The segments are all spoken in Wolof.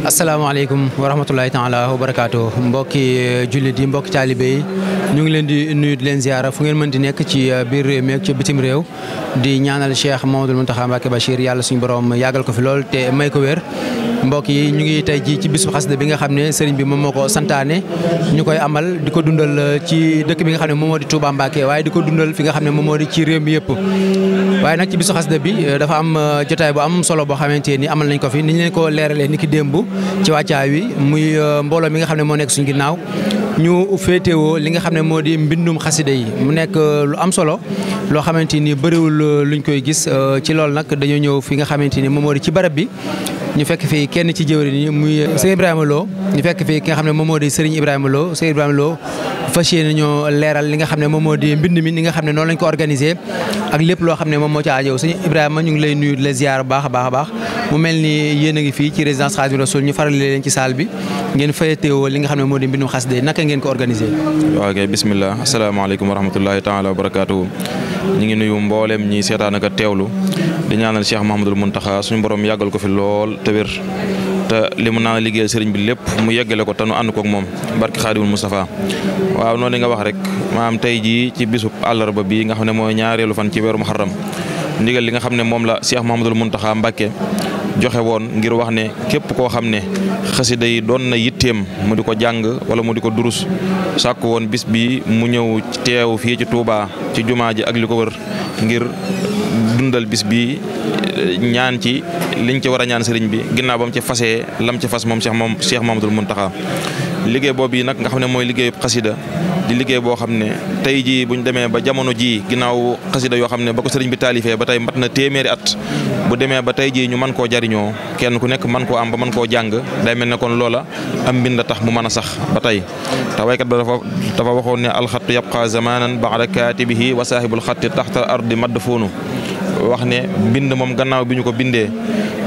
asalaamaaleykum wa rahmatulahi taala wa barakaatu mbokki euh, jullit yi mbokki taalibe yi ñu ngi leen di nuyu di leen ziara fu ngeen mën di nekk ci euh, biir réew mi ak ci bitim réew di ñaanal Cheikh Mamadou Mountakha Mbacké Bachir yàlla suñu borom yàggal ko fi lool te may ko wér mbokk yi ñu ngi tey jii ci bisu xasida bi nga xam ne sëriñ bi moom moo ko santaane ñu koy amal di ko dundal euh, ci dëkk bi nga xam ne moom moo di waaye di ko dundal fi nga xam ne moom moo di ci réew mi waaye nag ci bisu xasida bi euh, dafa am euh, jotaay bu am solo boo xamante ni amal nañ ko fi ni ñu leen ko leeralee ni ki démb ci wàccaay wi muy mbooloo mi nga xam ne moo nekk suñu ginnaaw ñu féetewoo li nga xam ne moo di mbindum xasida yi mu nekk lu am solo loo xamante ni bëriwul luñ koy gis ci loolu nag dañoo ñëw fi nga xamante ni moom moo di ci barab bi ñu fekk fii kenn ci jëwriñ yi muy euh, sëñ Ibrahima Lo ñu fekk fii ki nga xam ne moom moo di sëriñ Ibrahima loo sëriñ Ibrahima Lo fas yéene leeral li nga xam ne moom moo di mbind mi ni nga xam ne noonu lañ ko organisé ak lépp loo xam ne moom moo ci aajow sëñ Ibrahima ñu ngi lay nuyu di baax a baax a baax mu mel ni yéen a ngi fii ci résidence Khadimou ñu faral leen ci salle bi ngeen fayeteewoo li nga xam ne moo di mbindum xasida naka ngeen ko organisé. waaw kay bisimilah asalaamaaleykum wa rahmatulahi taala wa ñi ngi nuyu mbooleem ñi seetaan ak a teewlu di ñaanal Cheikh mun Muntaxa suñu boroom yàggal ko fi lool te wér te li mu naan liggéey sëriñ bi lépp mu yeggale ko te nu ànd koog moom barki Xaadimul Mustafa waaw noonu li nga wax rek maam tey jii ci bisub àllarba bi nga xam ne mooy ñaareelu fan ci weeru Muharram ndigal li nga xam ne moom la Cheikh Mahamadul Muntaxa Mbàkke joxe woon ngir wax ne képp koo xam ne xasida yi doon na yitteem mu di ko jàng wala mu di ko durus sàkk woon bis bi mu ñëw teew fii ci Touba ci jumaa ji ak li ko war ngir dundal bis bi ñaan ci liñ ci war a ñaan sëriñ bi ginnaaw ba mu ci fasee lam ci fas moom seex moom Cheikh Mamadul Muntaxa liggéey boobu yi nag nga xam ne mooy liggéey liggéeyu xasida di liggéey bo xam ne tey jii bu ñu demee ba jamono jii ginnaaw xasida yoo xam ne ba ko sëriñ bi taalifee ba tey mat na téeméeri at bu demee ba tey jii ñu mën koo jariñoo kenn ku nekk man ko am ba mën koo jàng day mel ne kon loola am mbind a tax mu mën a sax ba ta te waykat ba dafa dafa waxoon ne alxattu yabqa zamanan baada kaatibihi wa saahibul xatti taxta ardi madfuunu wax ne bind moom gannaaw bi ñu ko bindee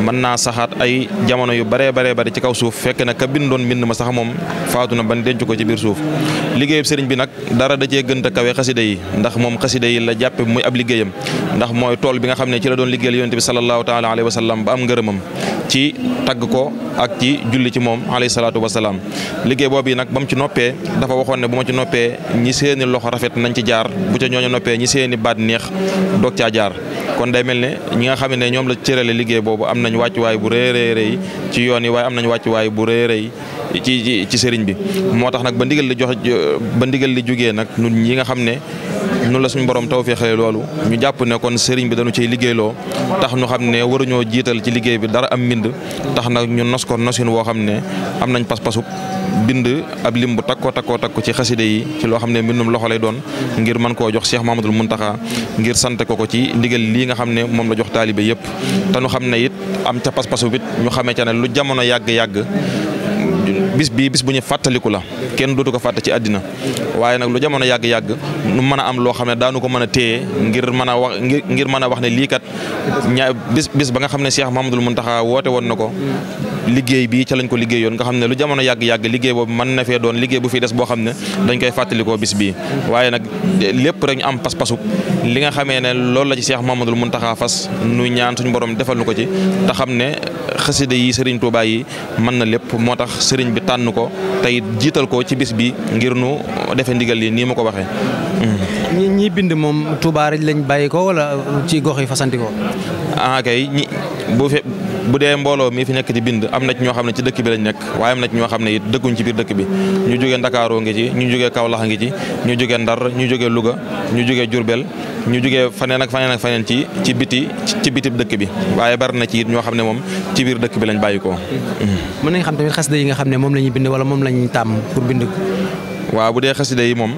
mën naa saxaat ay jamono yu baree bare bari ci kaw suuf fekk na ka bindoon mbind ma sax moom faatu na ban denc ko ci biir suuf liggéeyub sëriñ bi nag dara da cee gën a kawe xasida yi ndax moom xasida yi la jàppe muy ab liggéeyam ndax mooy tool bi nga xam ne ci la doon liggéeyal yonent bi sallallahu taala alayhi wa sallam ba am ngërëmam ci tagg ko ak ci julli ci moom alayhi salaatu wasalaam liggéey boobu nag ba mu ci noppee dafa waxoon ne bu ma ci noppee ñi seeni loxo rafet nañ ci jaar bu ca ñooñu noppee ñi seeni baat neex doog caa jaar kon day mel ne ñi nga xam ne ñoom la cërale liggéey boobu am nañ wàccuwaay bu rëy rëy ci yoon yi waaye am nañ waay bu rëy rey ci ci sëriñ bi moo tax nag ba ndigal la joxe ba li jógee nag ñun ñi nga xam ne ñun la suñu borom tawféexee loolu ñu jàpp ne kon sëriñ bi dañu ciy liggéeyloo tax nu xam ne waruñoo jiital ci liggéey bi dara am mbind tax nag ñu nos ko nosin woo xam ne am nañ pas-pasub bind ab lim bu takkoo takkoo takko ci xaside yi ci loo xam ne mbindum loxo lay doon ngir mën koo jox Cheikh Mahamadul Muntaxa ngir sant ko ko ci ndigal li nga xam ne moom la jox taalibe yëpp te nu xam ne it am ca pas-pasu bit ñu xamee ca ne lu jamono yàgg-yàgg bis bii bis bu ñu fàttaliku la kenn dootu ko fàtte ci àddina waaye nag lu jamono yàgg-yàgg nu mën a am loo xam ne daanu ko mën a téye ngir mën a wax ngir mën a wax ne lii kat ña bis bis ba nga xam ne Cheikh Mahamadul Muntaxa woote woon na ko liggéey bi ca lañ ko liggéeyoon nga xam ne lu jamono yàgg-yàgg liggéey boobu mën na fee doon liggéey bu fi des boo xam ne dañ koy fàttalikoo bis bii waaye nag lépp rek ñu am pas-pasu li nga xamee ne loolu la ci Seex Mamadul Muntaxa fas nu ñaan suñu borom defal nu ko ci te xam na lépp moo tax sëriñ bi tànn ko tey jiital ko ci bis bi ngir nu defe ndigal yi nii ma ko waxee ñi bind moom Tuubaa rek lañ bàyyi ko wala ci gox yi fasanti ko ah kay ñi bu fe bu dee mbooloo mii fi nekk di bind am na ci ñoo xam ne ci dëkk bi lañ nekk waaye am na ci ñoo xam ne it dëkkuñ ci biir dëkk bi ñu jógee Ndakaaroo ngi ci ñu jógee Kawlax ngi ci ñu jógee Ndar ñu jógee luga ñu jóge jurbeel ñu jógee faneen ak faneen ak faneen ci ci biti ci biti dëkk bi waaye bari na ci it ñoo xam ne moom ci biir dëkk bi lañ bàyyi ko mhm. mën nañ xam tamit xasida yi nga xam ne moom la ñuy bind wala moom lañuy tàmm pour bind waaw bu dee xasida yi moom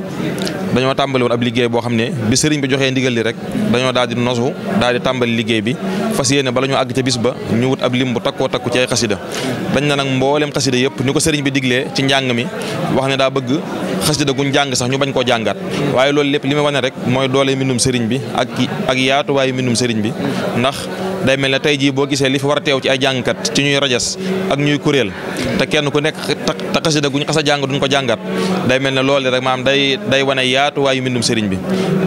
dañoo tàmbali ab liggéey boo xam ne bi sëriñ bi joxee ndigal li rek dañoo daal di nosu daal di tàmbali liggéey bi fas yéene bala ñu àgg ca bis ba ñu wut ab lim bu takkoo takku ci ay xasida dañ na nag mbooleem xasida yëpp ni ko sëriñ bi diglee ci njàng mi wax ne daa bëgg xasida guñ jàng sax ñu bañ koo jàngaat waaye loolu lépp li ma wane rek mooy doole mbindum sëriñ bi ak ak yaatuwaayu mbindum sëriñ bi ndax day mel ne tey jii boo gisee li fi war a teew ci ay jàngkat ci ñuy rajas ak ñuy kuréel te kenn ku nekk ta xasida guñ xas a jàng duñ ko jàngat day mel ne loolu rek maam day day wane yaatuwaayu mbindum sëriñ bi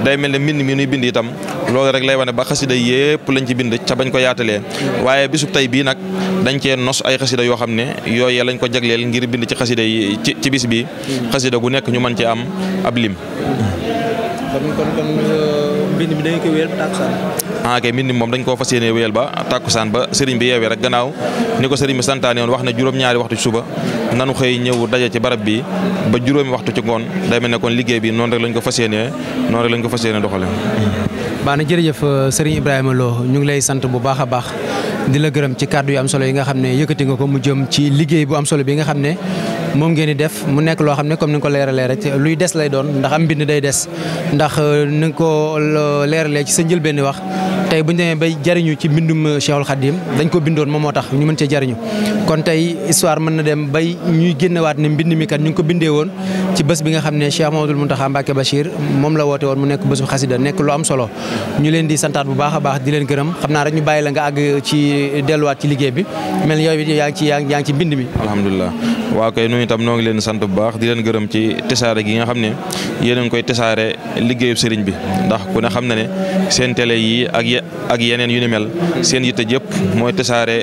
day mel ne mbind mi nuy bind itam loolu rek lay wane ba xasida yépp lañ ci bind ca bañ ko yaatalee waaye bisub tey bii nag dañ cee nos ay xasida yoo xam ne yooyee lañ ko jagleel ngir bind ci xasida yi ci bis bi xasida gu nekk ñu mën ci am ab lim euh, ah kay mbind moom dañ koo fas yéene wéyal ba tàkkusaan ba sëriñ bi yeewee rek gannaaw ni ko sëriñ bi santaane woon wax ne juróom-ñaari waxtu suba nanu xëy ñëw daje ci barab bi ba juróomi waxtu ci ngoon day mel ne kon liggéey bi noonu rek lañ ko fas yéene noonu rek lañ ko fas yéene doxale hmm. baax na jërëjëf euh, sëriñ Ibrahima Lo ñu ngi lay sant bu baax a baax di la gërëm ci kàddu yu am solo yi nga xam ne yëkkati nga ko mu jëm ci liggéey bu am solo bi nga xam ne moom ngeen di def mu nekk loo xam ne comme ni ko leeralee rek luy des lay doon ndax am mbind day des ndax euh, ni nga ko euh, leeralee ci sa njëlbéen wax tey bu ñu demee bay jariñu ci mbindum euh, Cheikhul Khadim dañ ko bindoon moom tax ñu mën na dem bay ñuy génnewaat ne mbind mi kat ñu ngi ko bindee bi nga xam ne Cheikh Mamadou Mountakha Mbacké Bachir moom la woote woon mu nekk bésu xasida nekk lu baax a baax di leen gërëm xam naa rek ñu bàyyi la nga àgg ci delluwaat ci liggéey bi mel ni yow it yaa ngi ci yaa ngi ci mbind mi alhamdulilah waaw kay noonu itam leen sant bu baax di leen gërëm nga xam ne yéen a ngi koy tasaare liggéeyu sëriñ bi ndax ku seen télé yi ak ak yeneen yu ni mel seen yitte jëpp mooy tasaare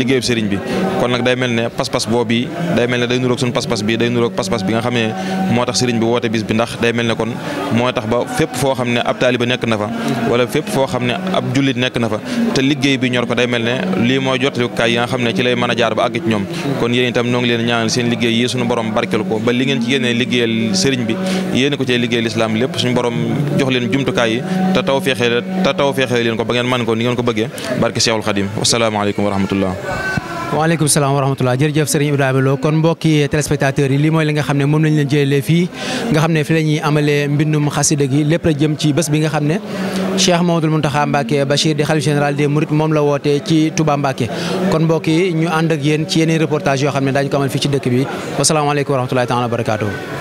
liggéeyub sëriñ bi kon nag day mel ne pas-pas boobu day mel ne day nuroog suñu pas-pas bi day nuroog pas-pas bi nga xam ne moo tax sëriñ bi woote bis bi ndax day mel ne kon moo tax ba fépp foo xam ne ab taaliba nekk na fa wala fépp foo xam ne ab jullit nekk na fa te liggéey bi ñor ko day mel ne lii mooy jotalikaay yi nga xam ne ci lay mën a jaar ba àgg ci ñoom kon yéen itam noo ngi leen ñaanal seen liggéey yi suñu borom barkeel ko ba li ngeen ci yéenee liggéeyal sëriñ bi yéen ko cee ba ngeen man ko ni ngeen ko bëggee barke Seexul Xadim wasalaamaaleykum wa rahmatullah waaleykum salaam wa rahmatulah jërëjëf Serigne Ibrahima Lo kon mbokki téléspectateurs yi lii mooy li nga xam ne moom lañ leen jëlee fii nga xam ne fi la ñuy amalee mbindum xasida gi lépp la jëm ci bés bi nga xam ne moom Cheikh Mamadou Mountakha Mbacké Bachir di xalif général des Mourides moom la woote ci Touba Mbacké kon mbokki ñu ànd ak yéen ci yeneen reportage yoo xam ne daañu ko amal fii ci dëkk bi wasalaamaaleykum wa rahmatulah taala wa barakaatuhu